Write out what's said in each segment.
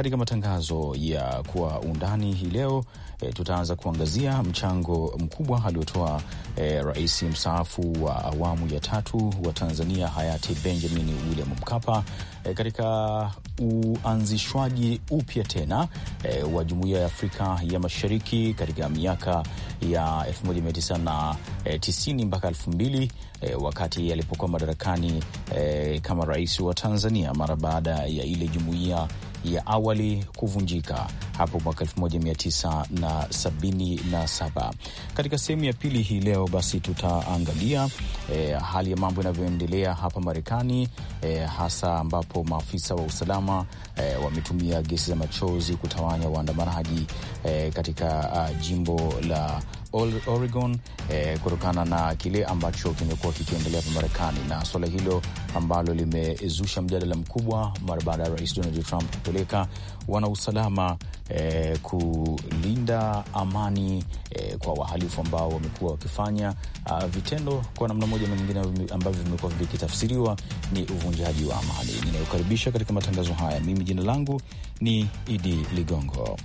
katika matangazo ya kwa undani hii leo e, tutaanza kuangazia mchango mkubwa aliotoa e, rais mstaafu wa awamu ya tatu wa Tanzania hayati Benjamin William Mkapa e, katika uanzishwaji upya tena e, wa Jumuiya ya Afrika ya Mashariki katika miaka ya 1990 e, mpaka 2000 e, wakati alipokuwa madarakani e, kama rais wa Tanzania mara baada ya ile jumuiya ya awali kuvunjika hapo mwaka 1977. Katika sehemu ya pili hii leo basi tutaangalia e, hali ya mambo inavyoendelea hapa Marekani e, hasa ambapo maafisa wa usalama e, wametumia gesi za machozi kutawanya waandamanaji e, katika a, ah, jimbo la Oregon eh, kutokana na kile ambacho kimekuwa kikiendelea hapa Marekani na suala hilo ambalo limezusha mjadala mkubwa mara baada ya Rais Donald Trump kupeleka wanausalama eh, kulinda amani eh, kwa wahalifu ambao wamekuwa wakifanya uh, vitendo kwa namna moja na nyingine ambavyo vimekuwa vikitafsiriwa ni uvunjaji wa amani. Ninayokaribisha katika matangazo haya, mimi jina langu ni Idi Ligongo.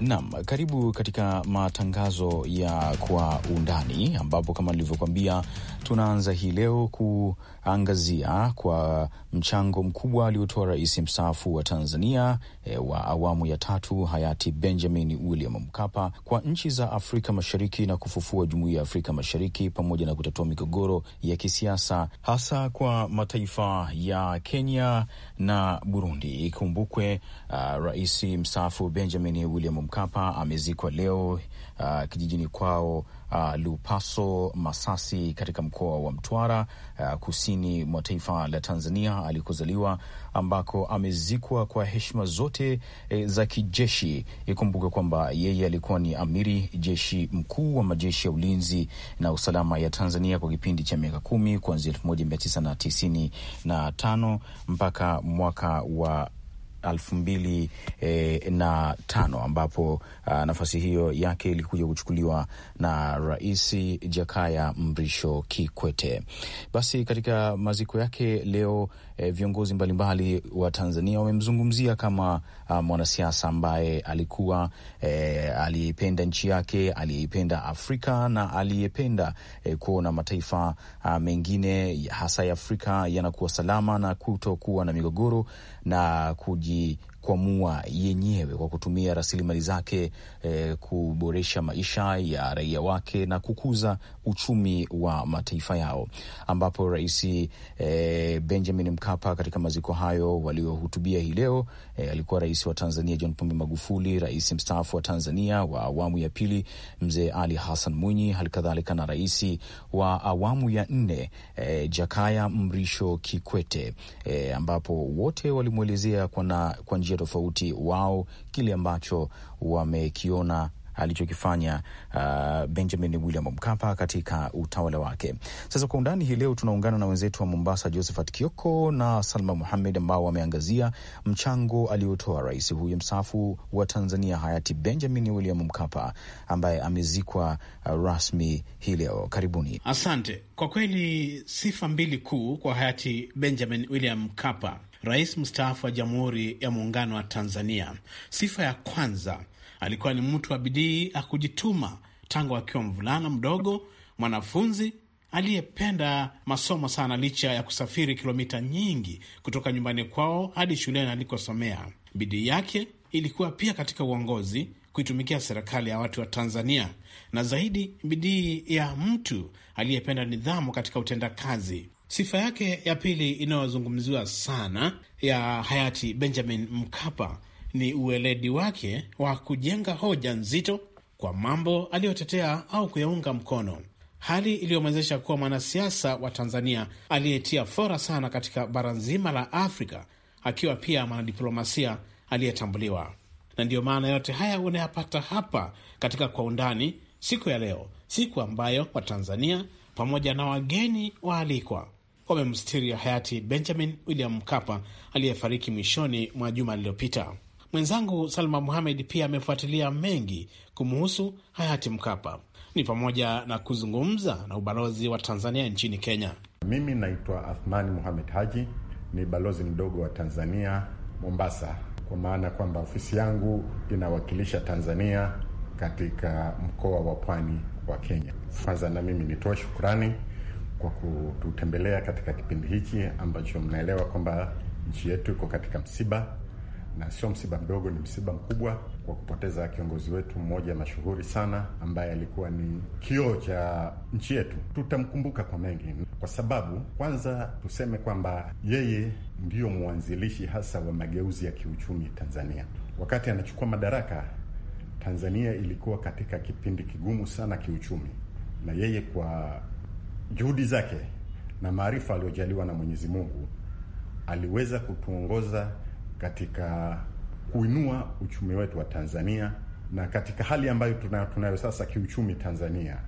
Naam, karibu katika matangazo ya kwa undani ambapo kama nilivyokuambia tunaanza hii leo kuangazia kwa mchango mkubwa aliotoa rais mstaafu wa Tanzania e, wa awamu ya tatu hayati Benjamin William Mkapa kwa nchi za Afrika Mashariki na kufufua jumuiya ya Afrika Mashariki pamoja na kutatua migogoro ya kisiasa hasa kwa mataifa ya Kenya na Burundi. Ikumbukwe uh, rais mstaafu Benjamin William Mkapa amezikwa leo uh, kijijini kwao uh, Lupaso, Masasi katika mkoa wa Mtwara, uh, kusini mwa taifa la Tanzania alikozaliwa, ambako amezikwa kwa heshima zote eh, za kijeshi. Ikumbuke kwamba yeye alikuwa ni amiri jeshi mkuu wa majeshi ya ulinzi na usalama ya Tanzania kwa kipindi cha miaka kumi kuanzia elfu moja mia tisa na tisini na tano mpaka mwaka wa elfu mbili eh, na tano ambapo ah, nafasi hiyo yake ilikuja kuchukuliwa na Rais Jakaya Mrisho Kikwete. Basi katika maziko yake leo eh, viongozi mbalimbali wa Tanzania wamemzungumzia kama Uh, mwanasiasa ambaye alikuwa e, eh, aliyeipenda nchi yake, aliyeipenda Afrika na aliyependa e, eh, kuona mataifa a, uh, mengine hasa ya Afrika yanakuwa salama na kutokuwa na migogoro na kuji kuamua yenyewe kwa kutumia rasilimali zake e, kuboresha maisha ya raia wake na kukuza uchumi wa mataifa yao, ambapo Rais e, Benjamin Mkapa katika maziko hayo waliohutubia hii leo e, alikuwa rais wa Tanzania John Pombe Magufuli, rais mstaafu wa Tanzania wa awamu ya pili Mzee Ali Hassan Mwinyi, halikadhalika na rais wa awamu ya nne e, Jakaya Mrisho Kikwete e, ambapo wote walimwelezea kwa njia tofauti wao kile ambacho wamekiona alichokifanya uh, Benjamin William Mkapa katika utawala wake. Sasa kwa undani hii leo tunaungana na wenzetu wa Mombasa, Josephat Kioko na Salma Muhamed, ambao wameangazia mchango aliotoa rais huyo mstaafu wa Tanzania hayati Benjamin William Mkapa ambaye amezikwa uh, rasmi hii leo. Karibuni. Asante. Kwa kweli sifa mbili kuu kwa hayati Benjamin William Mkapa rais mstaafu wa Jamhuri ya Muungano wa Tanzania. Sifa ya kwanza, alikuwa ni mtu wa bidii, kujituma tangu akiwa mvulana mdogo, mwanafunzi aliyependa masomo sana, licha ya kusafiri kilomita nyingi kutoka nyumbani kwao hadi shuleni alikosomea. Bidii yake ilikuwa pia katika uongozi, kuitumikia serikali ya watu wa Tanzania, na zaidi bidii ya mtu aliyependa nidhamu katika utendakazi. Sifa yake ya pili inayozungumziwa sana ya hayati Benjamin Mkapa ni uweledi wake wa kujenga hoja nzito kwa mambo aliyotetea au kuyaunga mkono, hali iliyomwezesha kuwa mwanasiasa wa Tanzania aliyetia fora sana katika bara nzima la Afrika, akiwa pia mwanadiplomasia aliyetambuliwa. Na ndiyo maana yote haya unayapata hapa katika Kwa Undani siku ya leo, siku ambayo Watanzania pamoja na wageni waalikwa wamemstiri hayati Benjamin William Mkapa aliyefariki mwishoni mwa juma lililopita. Mwenzangu Salma Muhamed pia amefuatilia mengi kumuhusu hayati Mkapa, ni pamoja na kuzungumza na ubalozi wa Tanzania nchini Kenya. Mimi naitwa Athmani Muhamed Haji, ni balozi mdogo wa Tanzania Mombasa, kwa maana kwamba ofisi yangu inawakilisha Tanzania katika mkoa wa pwani wa Kenya. Kwanza na mimi nitoe shukrani kwa kututembelea katika kipindi hiki ambacho mnaelewa kwamba nchi yetu iko katika msiba, na sio msiba mdogo, ni msiba mkubwa kwa kupoteza kiongozi wetu mmoja mashuhuri sana ambaye alikuwa ni kioo cha nchi yetu. Tutamkumbuka kwa mengi, kwa sababu kwanza tuseme kwamba yeye ndiyo mwanzilishi hasa wa mageuzi ya kiuchumi Tanzania. Wakati anachukua madaraka, Tanzania ilikuwa katika kipindi kigumu sana kiuchumi, na yeye kwa juhudi zake na maarifa aliyojaliwa na Mwenyezi Mungu aliweza kutuongoza katika kuinua uchumi wetu wa Tanzania, na katika hali ambayo tunayo, tuna sasa kiuchumi Tanzania,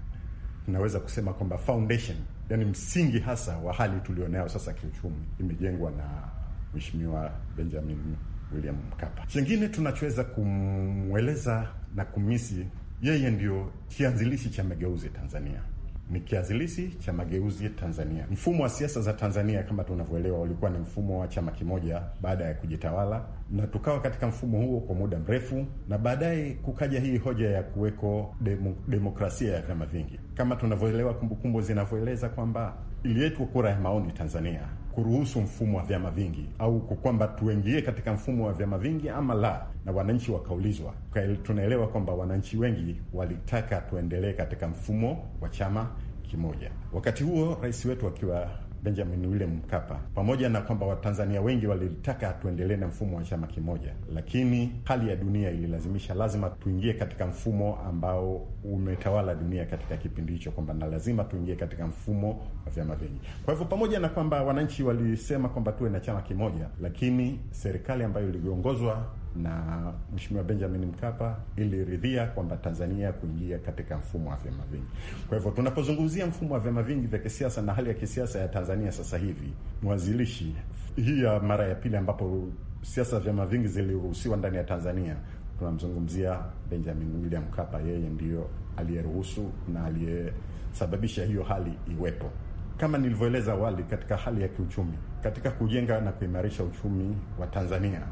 tunaweza kusema kwamba foundation, yani msingi hasa wa hali tulionayo sasa kiuchumi imejengwa na Mheshimiwa Benjamin William Mkapa. Chengine tunachoweza kumweleza na kumisi, yeye ndio kianzilishi cha mageuzi Tanzania ni kiazilisi cha mageuzi Tanzania. Mfumo wa siasa za Tanzania kama tunavyoelewa ulikuwa ni mfumo wa chama kimoja baada ya kujitawala, na tukawa katika mfumo huo kwa muda mrefu, na baadaye kukaja hii hoja ya kuweko demo, demokrasia ya vyama vingi kama tunavyoelewa, kumbukumbu zinavyoeleza kwamba ilietwa kura ya maoni Tanzania kuruhusu mfumo wa vyama vingi au kwamba tuingie katika mfumo wa vyama vingi ama la, na wananchi wakaulizwa. Tunaelewa kwamba wananchi wengi walitaka tuendelee katika mfumo wa chama kimoja. Wakati huo rais wetu akiwa Benjamin William Mkapa. Pamoja na kwamba Watanzania wengi walitaka tuendelee na mfumo wa chama kimoja, lakini hali ya dunia ililazimisha, lazima tuingie katika mfumo ambao umetawala dunia katika kipindi hicho, kwamba na lazima tuingie katika mfumo wa vyama vingi. Kwa hivyo, pamoja na kwamba wananchi walisema kwamba tuwe na chama kimoja, lakini serikali ambayo iliongozwa na Mheshimiwa Benjamin Mkapa iliridhia kwamba Tanzania kuingia katika mfumo wa vyama vingi. Kwa hivyo tunapozungumzia mfumo wa vyama vingi vya kisiasa na hali ya kisiasa ya Tanzania sasa hivi, mwanzilishi hii ya mara ya pili ambapo siasa za vyama vingi ziliruhusiwa ndani ya Tanzania, tunamzungumzia Benjamin William Mkapa. Yeye ndiyo aliyeruhusu na aliyesababisha hiyo hali iwepo. Kama nilivyoeleza awali, katika hali ya kiuchumi, katika kujenga na kuimarisha uchumi wa Tanzania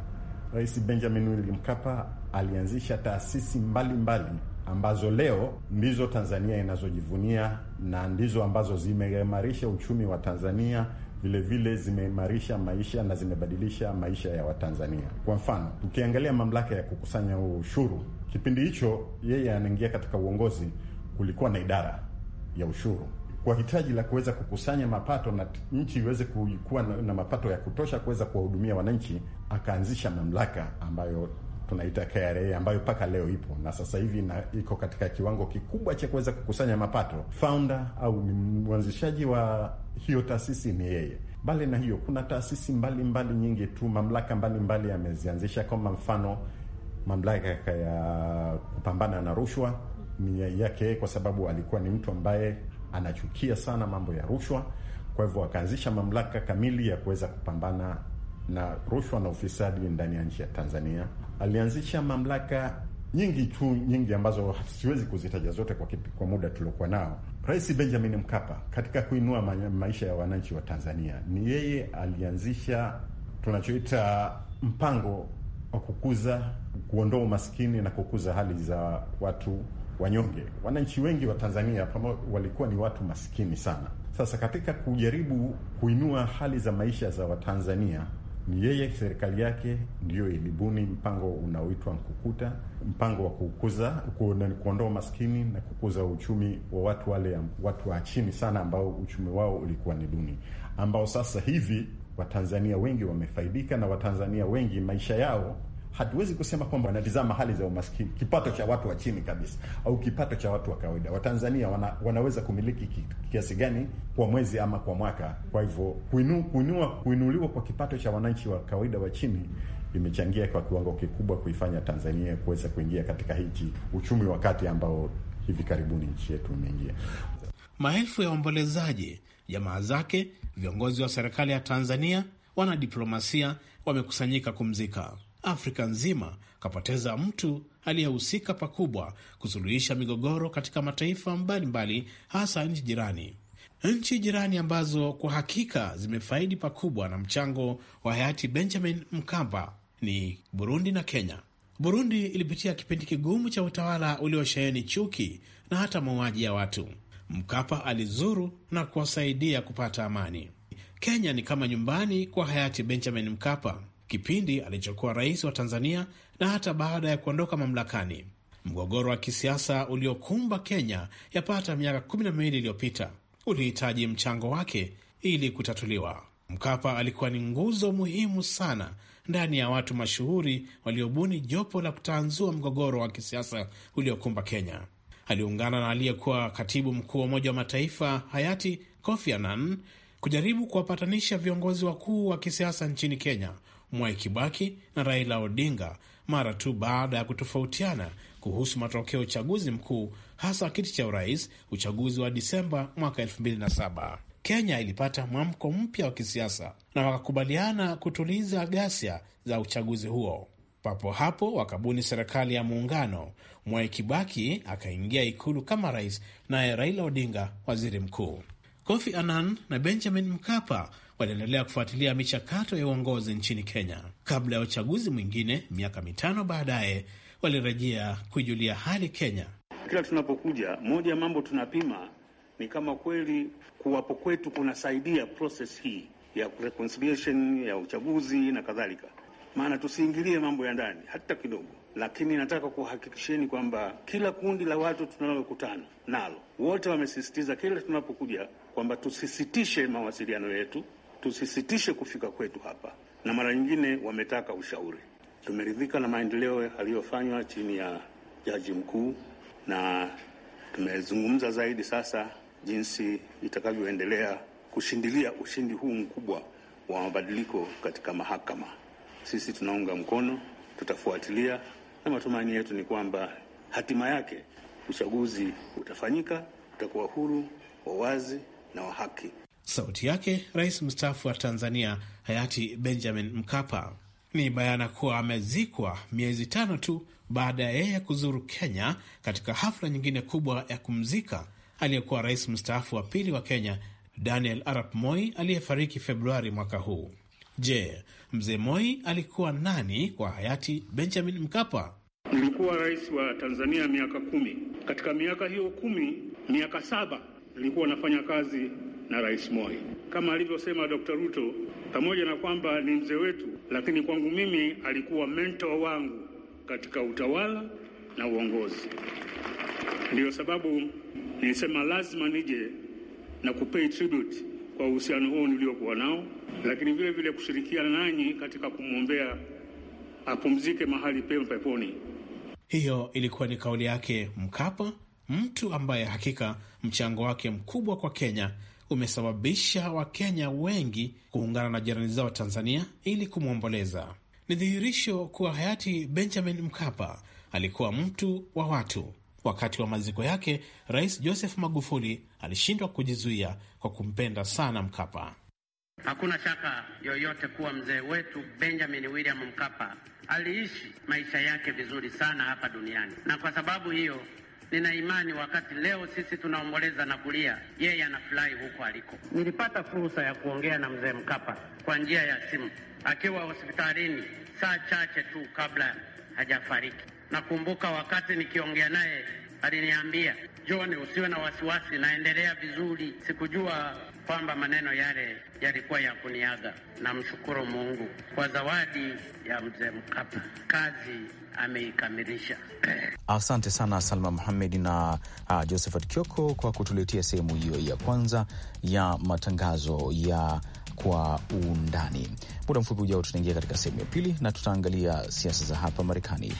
Rais Benjamin William Mkapa alianzisha taasisi mbalimbali mbali ambazo leo ndizo Tanzania inazojivunia na ndizo ambazo zimeimarisha uchumi wa Tanzania, vilevile zimeimarisha maisha na zimebadilisha maisha ya Watanzania. Kwa mfano, tukiangalia mamlaka ya kukusanya ushuru, kipindi hicho yeye anaingia katika uongozi, kulikuwa na idara ya ushuru kwa hitaji la kuweza kukusanya mapato na nchi iweze kuwa na mapato ya kutosha kuweza kuwahudumia wananchi, akaanzisha mamlaka ambayo tunaita KRA ambayo mpaka leo ipo na sasa hivi na iko katika kiwango kikubwa cha kuweza kukusanya mapato. Founder au mwanzishaji wa hiyo taasisi ni yeye. Mbali na hiyo, kuna taasisi mbalimbali nyingi tu, mamlaka mbalimbali yamezianzisha, kama mfano mamlaka ya kupambana na rushwa ni yake, kwa sababu alikuwa ni mtu ambaye anachukia sana mambo ya rushwa. Kwa hivyo akaanzisha mamlaka kamili ya kuweza kupambana na rushwa na ufisadi ndani ya nchi ya Tanzania. Alianzisha mamlaka nyingi tu nyingi ambazo siwezi kuzitaja zote kwa, kipi, kwa muda tuliokuwa nao. Rais Benjamin Mkapa katika kuinua maisha ya wananchi wa Tanzania, ni yeye alianzisha tunachoita mpango wa kukuza, kuondoa umaskini na kukuza hali za watu wanyonge. Wananchi wengi wa Tanzania pamo, walikuwa ni watu maskini sana. Sasa katika kujaribu kuinua hali za maisha za Watanzania ni yeye serikali yake ndiyo ilibuni mpango unaoitwa Mkukuta, mpango wa kukuza kuondoa maskini na kukuza uchumi wa watu wale watu wa chini sana ambao uchumi wao ulikuwa ni duni, ambao sasa hivi Watanzania wengi wamefaidika na Watanzania wengi maisha yao hatuwezi kusema kwamba wanatizama hali za umaskini, kipato cha watu wa chini kabisa au kipato cha watu wa kawaida. Watanzania wana, wanaweza kumiliki kiasi gani kwa mwezi ama kwa mwaka? Kwa hivyo kuinu, kuinua, kuinuliwa kwa kipato cha wananchi wa kawaida wa chini imechangia kwa kiwango kikubwa kuifanya Tanzania kuweza kuingia katika hichi uchumi wa kati ambao hivi karibuni nchi yetu imeingia. Maelfu ya waombolezaji, jamaa zake, viongozi wa serikali ya Tanzania, wanadiplomasia wamekusanyika kumzika. Afrika nzima kapoteza mtu aliyehusika pakubwa kusuluhisha migogoro katika mataifa mbalimbali mbali, hasa nchi jirani nchi jirani ambazo kwa hakika zimefaidi pakubwa na mchango wa hayati Benjamin Mkapa ni Burundi na Kenya. Burundi ilipitia kipindi kigumu cha utawala uliosheheni chuki na hata mauaji ya watu. Mkapa alizuru na kuwasaidia kupata amani. Kenya ni kama nyumbani kwa hayati Benjamin Mkapa kipindi alichokuwa rais wa Tanzania na hata baada ya kuondoka mamlakani. Mgogoro wa kisiasa uliokumba Kenya yapata miaka kumi na miwili iliyopita ulihitaji mchango wake ili kutatuliwa. Mkapa alikuwa ni nguzo muhimu sana ndani ya watu mashuhuri waliobuni jopo la kutanzua mgogoro wa kisiasa uliokumba Kenya. Aliungana na aliyekuwa katibu mkuu wa Umoja wa Mataifa hayati Kofi Annan kujaribu kuwapatanisha viongozi wakuu wa kisiasa nchini Kenya Mwai Kibaki na Raila Odinga mara tu baada ya kutofautiana kuhusu matokeo ya uchaguzi mkuu, hasa kiti cha urais, uchaguzi wa Disemba mwaka 2007. Kenya ilipata mwamko mpya wa kisiasa na wakakubaliana kutuliza ghasia za uchaguzi huo. Papo hapo wakabuni serikali ya muungano. Mwai Kibaki akaingia ikulu kama rais, naye Raila Odinga waziri mkuu. Kofi Annan na Benjamin Mkapa wanaendelea kufuatilia michakato ya uongozi nchini Kenya kabla ya uchaguzi mwingine miaka mitano baadaye. Walirejea kuijulia hali Kenya. Kila tunapokuja, moja ya mambo tunapima ni kama kweli kuwapo kwetu kunasaidia proses hii ya reconciliation ya uchaguzi na kadhalika. Maana tusiingilie mambo ya ndani hata kidogo, lakini nataka kuhakikisheni kwamba kila kundi la watu tunalokutana nalo wote wamesisitiza kila tunapokuja kwamba tusisitishe mawasiliano yetu tusisitishe kufika kwetu hapa, na mara nyingine wametaka ushauri. Tumeridhika na maendeleo aliyofanywa chini ya jaji mkuu, na tumezungumza zaidi sasa jinsi itakavyoendelea kushindilia ushindi huu mkubwa wa mabadiliko katika mahakama. Sisi tunaunga mkono, tutafuatilia, na matumaini yetu ni kwamba hatima yake uchaguzi utafanyika, utakuwa huru wa wazi na wa haki. Sauti yake rais mstaafu wa Tanzania hayati Benjamin Mkapa. Ni bayana kuwa amezikwa miezi tano tu baada ya yeye kuzuru Kenya katika hafla nyingine kubwa ya kumzika aliyekuwa rais mstaafu wa pili wa Kenya Daniel Arap Moi aliyefariki Februari mwaka huu. Je, mzee Moi alikuwa nani kwa hayati Benjamin Mkapa? Nilikuwa rais wa Tanzania miaka kumi. Katika miaka hiyo kumi, miaka saba nilikuwa nafanya kazi na Rais Moi. Kama alivyosema Dr. Ruto, pamoja na kwamba ni mzee wetu, lakini kwangu mimi alikuwa mentor wangu katika utawala na uongozi. Ndiyo sababu nilisema lazima nije na kupei tribute kwa uhusiano huo niliokuwa nao, lakini vile vile kushirikiana nanyi katika kumwombea apumzike mahali pema peponi. Hiyo ilikuwa ni kauli yake Mkapa, mtu ambaye hakika mchango wake mkubwa kwa Kenya umesababisha Wakenya wengi kuungana na jirani zao Tanzania ili kumwomboleza. Ni dhihirisho kuwa hayati Benjamin Mkapa alikuwa mtu wa watu. Wakati wa maziko yake, Rais Joseph Magufuli alishindwa kujizuia kwa kumpenda sana Mkapa. Hakuna shaka yoyote kuwa mzee wetu Benjamin William Mkapa aliishi maisha yake vizuri sana hapa duniani, na kwa sababu hiyo Nina imani wakati leo sisi tunaomboleza na kulia, yeye anafurahi huko aliko. Nilipata fursa ya kuongea na mzee Mkapa kwa njia ya simu akiwa hospitalini saa chache tu kabla hajafariki. Nakumbuka wakati nikiongea naye aliniambia John, usiwe na wasiwasi, naendelea vizuri. Sikujua kwamba maneno yale yalikuwa ya kuniaga. Namshukuru Mungu kwa zawadi ya mzee Mkapa, kazi ameikamilisha. Asante sana Salma Muhamed na uh, Josephat Kioko kwa kutuletea sehemu hiyo ya kwanza ya matangazo ya kwa undani. Muda mfupi ujao, tutaingia katika sehemu ya pili na tutaangalia siasa za hapa Marekani.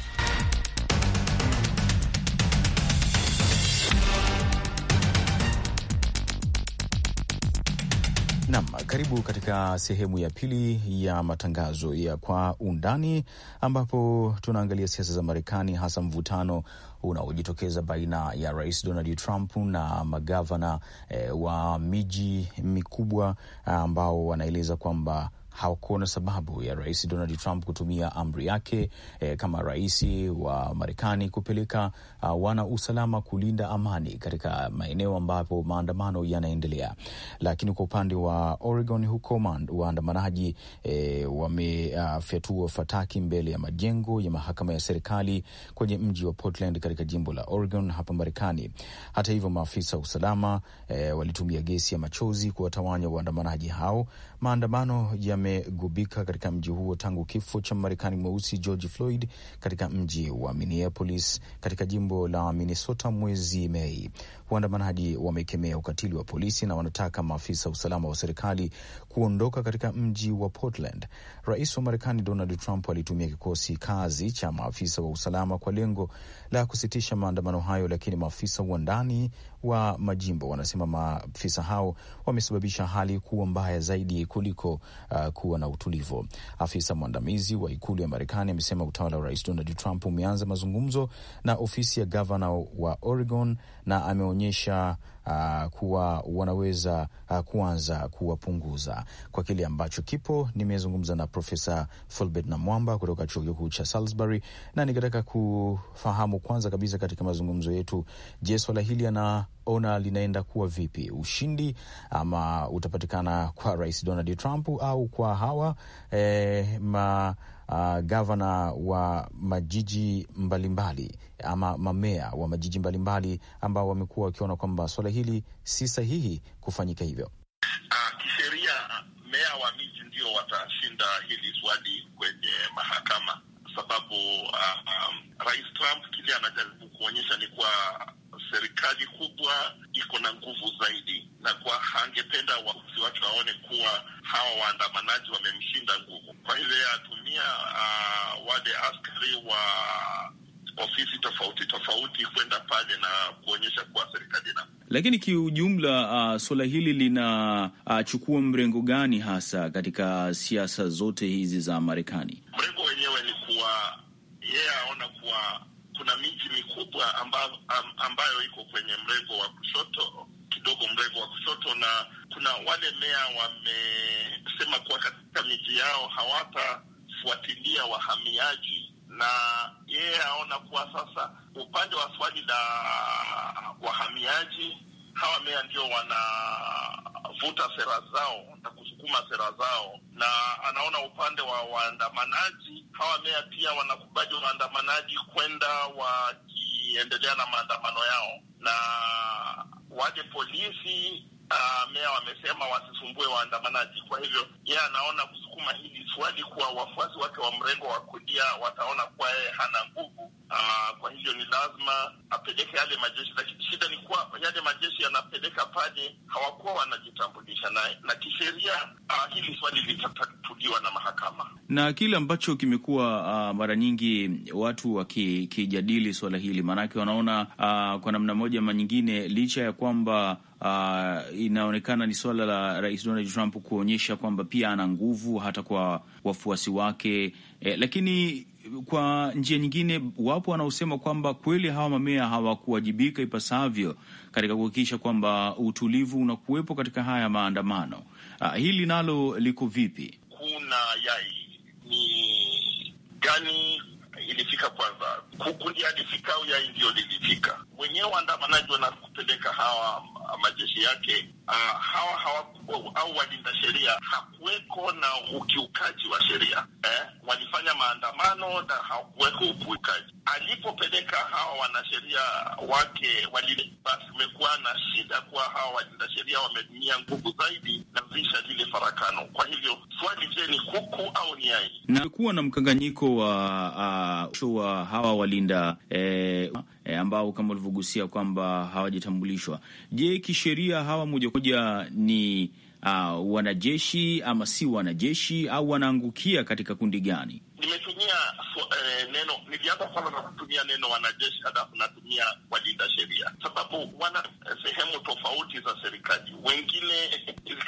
Nam, karibu katika sehemu ya pili ya matangazo ya kwa undani ambapo tunaangalia siasa za Marekani hasa mvutano unaojitokeza baina ya Rais Donald Trump na magavana eh, wa miji mikubwa ambao wanaeleza kwamba hawakuona sababu ya Rais Donald Trump kutumia amri yake eh, kama rais wa Marekani kupeleka uh, wana usalama kulinda amani katika maeneo ambapo maandamano yanaendelea. Lakini kwa upande wa Oregon huko waandamanaji eh, wamefyatua uh, fataki mbele ya majengo ya mahakama ya serikali kwenye mji wa Portland katika jimbo la Oregon hapa Marekani. Hata hivyo, maafisa wa usalama eh, walitumia gesi ya machozi kuwatawanya waandamanaji hao. Maandamano yame yamegubika katika mji huo tangu kifo cha Marekani mweusi George Floyd katika mji wa Minneapolis katika jimbo la Minnesota mwezi Mei. Waandamanaji wamekemea ukatili wa polisi na wanataka maafisa usalama wa serikali kuondoka katika mji wa Portland, rais wa Marekani Donald Trump alitumia kikosi kazi cha maafisa wa usalama kwa lengo la kusitisha maandamano hayo, lakini maafisa wa ndani wa majimbo wanasema maafisa hao wamesababisha hali kuwa mbaya zaidi kuliko uh, kuwa na utulivu. Afisa mwandamizi wa ikulu ya Marekani amesema utawala wa rais Donald Trump umeanza mazungumzo na ofisi ya gavana wa Oregon na ameonyesha uh, kuwa wanaweza uh, kuanza kuwapunguza kwa kile ambacho kipo. Nimezungumza na Profesa Fulbert Namwamba kutoka chuo kikuu cha Salisbury, na nikataka kufahamu kwanza kabisa katika mazungumzo yetu, je, swala hili anaona linaenda kuwa vipi? Ushindi ama utapatikana kwa Rais Donald Trump au kwa hawa eh, ma uh, gavana wa majiji mbalimbali ama mamea wa majiji mbalimbali ambao wamekuwa wakiona kwamba suala hili si sahihi kufanyika hivyo. Uh, kisheria meya wa miji ndio watashinda hili swali kwenye mahakama sababu uh, um, Rais Trump kile anajaribu kuonyesha ni kwa serikali kubwa iko na nguvu zaidi, na kwa angependa wafuasi wake waone kuwa hawa waandamanaji wamem Kenya uh, wale askari wa ofisi tofauti tofauti kwenda pale na kuonyesha kuwa serikali na lakini kiujumla, uh, suala hili linachukua uh, mrengo gani hasa katika siasa zote hizi za Marekani? Mrengo wenyewe ni kuwa yeye yeah, aona kuwa kuna miji mikubwa amba, am, ambayo iko kwenye mrengo wa kushoto kidogo, mrengo wa kushoto, na kuna wale meya wamesema kuwa katika miji yao hawata kufuatilia wahamiaji, na yeye aona kuwa sasa upande wa swali la wahamiaji, hawa mea ndio wanavuta sera zao na kusukuma sera zao, na anaona upande wa waandamanaji, hawa mea pia wanakubali waandamanaji kwenda wakiendelea na maandamano yao, na waje polisi Uh, wamesema wasisumbue waandamanaji. Kwa hivyo yeye anaona kusukuma hili swali kwa wafuasi wake wa mrengo wa kulia, wataona kuwa yeye hana nguvu. Ah, kwa hivyo ni lazima apeleke yale majeshi, lakini shida ni kuwa yale majeshi yanapeleka pale hawakuwa wanajitambulisha na, na kisheria ah, hili swali litata kurudiwa na mahakama. Na kile ambacho kimekuwa uh, mara nyingi watu wakijadili swala hili, maanake wanaona uh, kwa namna moja ama nyingine, licha ya kwamba Uh, inaonekana ni suala la Rais Donald Trump kuonyesha kwamba pia ana nguvu hata kwa wafuasi wake eh, lakini kwa njia nyingine wapo wanaosema kwamba kweli hawa mamea hawakuwajibika ipasavyo katika kuhakikisha kwamba utulivu unakuwepo katika haya maandamano. Uh, hili nalo liko vipi? ya ni gani ilifika kwanza, kukundi alifika au yai ndiyo lilifika? Wenyewe waandamanaji wanakupeleka hawa majeshi yake uh, hawa hawa au walinda sheria, hakuweko na ukiukaji wa sheria eh? walifanya maandamano na hakuweko upuikaji. Alipopeleka hawa wanasheria wake wali, basi na shida kuwa hawa wanasheria wametumia nguvu zaidi na visha lile farakano. Kwa hivyo swali, je, ni kuku au ni ai? Na kuwa na mkanganyiko wa uh, wa hawa walinda eh, E, ambao kama ulivyogusia kwamba hawajatambulishwa. Je, kisheria hawa moja kwa moja ni uh, wanajeshi ama si wanajeshi au wanaangukia katika kundi gani? Nimetumia so, eh, neno nilianza sana na kutumia neno wanajeshi, halafu natumia walinda sheria, sababu wana eh, sehemu tofauti za serikali, wengine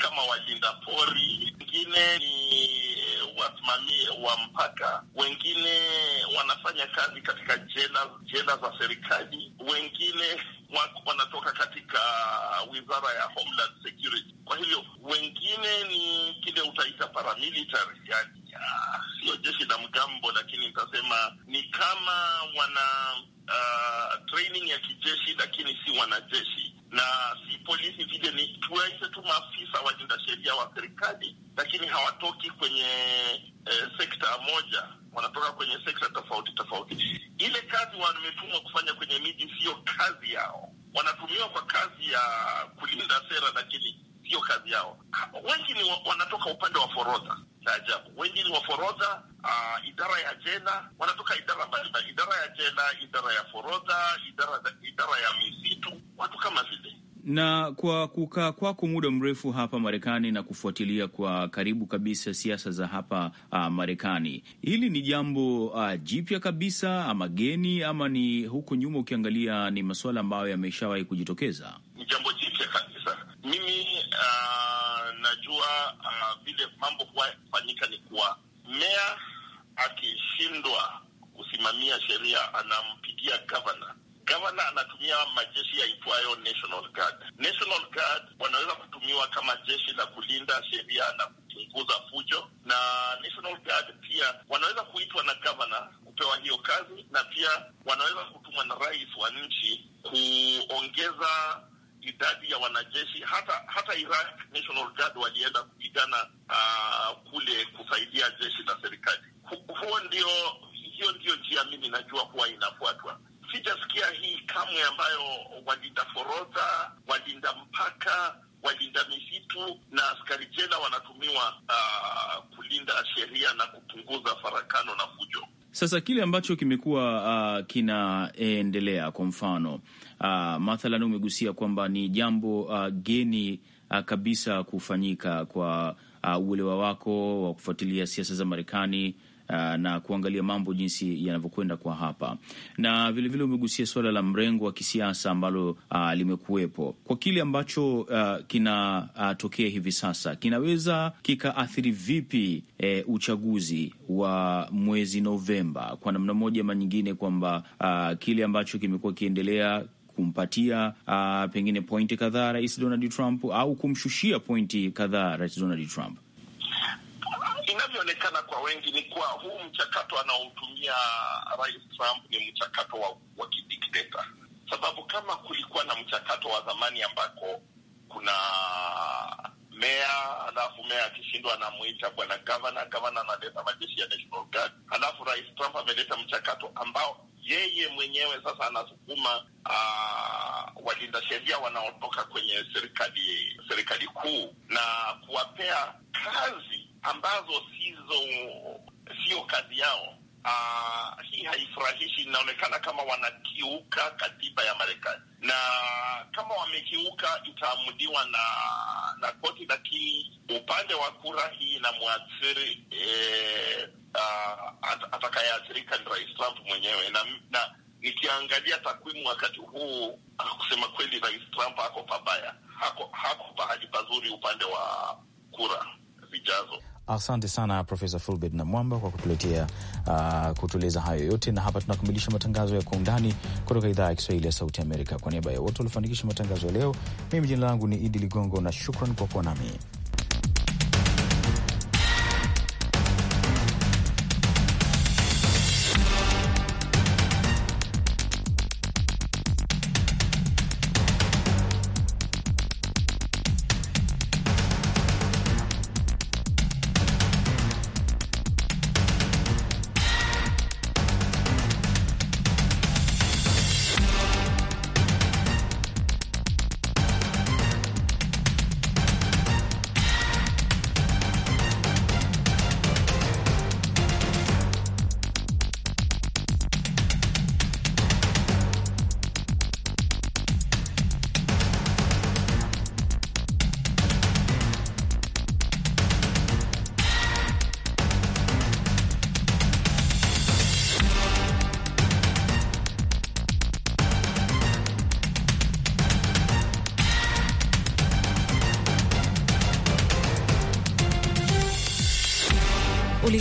kama walinda pori, wengine ni eh, wasimamie wa mpaka, wengine wanafanya kazi katika jela, jela za serikali, wengine watu wanatoka katika uh, wizara ya Homeland Security. Kwa hivyo wengine ni kile utaita paramilitary, yani uh, sio jeshi la mgambo, lakini nitasema ni kama wana uh, training ya kijeshi, lakini si wanajeshi na si polisi vile, ni tuwaite tu maafisa walinda sheria wa serikali, lakini hawatoki kwenye eh, sekta moja, wanatoka kwenye sekta tofauti tofauti. Ile kazi wametumwa kufanya kwenye miji siyo kazi yao, wanatumiwa kwa kazi ya kulinda sera, lakini siyo kazi yao. Wengi ni wanatoka upande wa forodha cha ajabu. Wengi ni waforodha, uh, idara ya jena, wanatoka idara mbalimbali, idara ya jena, idara ya forodha, idara, idara ya misitu, watu kama vile na kwa kukaa kwako muda mrefu hapa Marekani na kufuatilia kwa karibu kabisa siasa za hapa uh, Marekani, hili ni jambo uh, jipya kabisa ama geni ama ni huko nyuma ukiangalia ni masuala ambayo yameshawahi kujitokeza? Ni jambo jipya kabisa. Mimi uh, vile mambo huwafanyika ni kuwa meya akishindwa kusimamia sheria anampigia gavana. Gavana anatumia majeshi yaitwayo National Guard. National Guard wanaweza kutumiwa kama jeshi la kulinda sheria na kupunguza fujo, na National Guard pia wanaweza kuitwa na gavana kupewa hiyo kazi, na pia wanaweza kutumwa na rais wa nchi kuongeza idadi ya wanajeshi hata hata Iraq National Guard walienda kupigana uh, kule kusaidia jeshi la serikali. Huo ndio hiyo ndio njia mimi najua kuwa inafuatwa. Sijasikia hii kamwe ambayo walinda forodha, walinda mpaka, walinda misitu na askari jela wanatumiwa uh, kulinda sheria na kupunguza farakano na fujo. Sasa kile ambacho kimekuwa uh, kinaendelea kwa mfano uh, mathalan umegusia kwamba ni jambo uh, geni uh, kabisa kufanyika kwa uh, uelewa uh, wako wa kufuatilia siasa za Marekani Uh, na kuangalia mambo jinsi yanavyokwenda kwa hapa, na vilevile umegusia suala la mrengo wa kisiasa ambalo uh, limekuwepo kwa kile ambacho uh, kinatokea uh, hivi sasa kinaweza kikaathiri vipi eh, uchaguzi wa mwezi Novemba kwa namna moja ama nyingine, kwamba uh, kile ambacho kimekuwa kiendelea kumpatia uh, pengine pointi kadhaa Rais Donald Trump au kumshushia pointi kadhaa Rais Donald Trump inavyoonekana kwa wengi ni kuwa huu mchakato anaotumia Rais Trump ni mchakato wa, wa kidikteta, sababu kama kulikuwa na mchakato wa zamani ambako kuna meya alafu meya akishindwa anamwita bwana gavana, gavana analeta majeshi ya National Guard, alafu Rais Trump ameleta mchakato ambao yeye mwenyewe sasa anasukuma uh, walinda sheria wanaotoka kwenye serikali serikali kuu na kuwapea kazi ambazo sizo sio kazi yao. Uh, hii haifurahishi. Inaonekana kama wanakiuka katiba ya Marekani, na kama wamekiuka itaamuliwa na na koti, lakini upande wa kura hii inamwathiri eh, uh, at, atakayeathirika ni Rais Trump mwenyewe na, na nikiangalia takwimu wakati huu, ah, kusema kweli, Rais Trump hako pabaya, hako hako pahali pazuri upande wa kura zijazo. Asante sana Profesa Fulbert na Mwamba kwa kutuletea uh, kutueleza hayo yote, na hapa tunakamilisha matangazo ya kwa undani kutoka idhaa ya Kiswahili ya Sauti Amerika. Kwa niaba ya wote waliofanikisha matangazo ya leo, mimi jina langu ni Idi Ligongo na shukran kwa kuwa nami.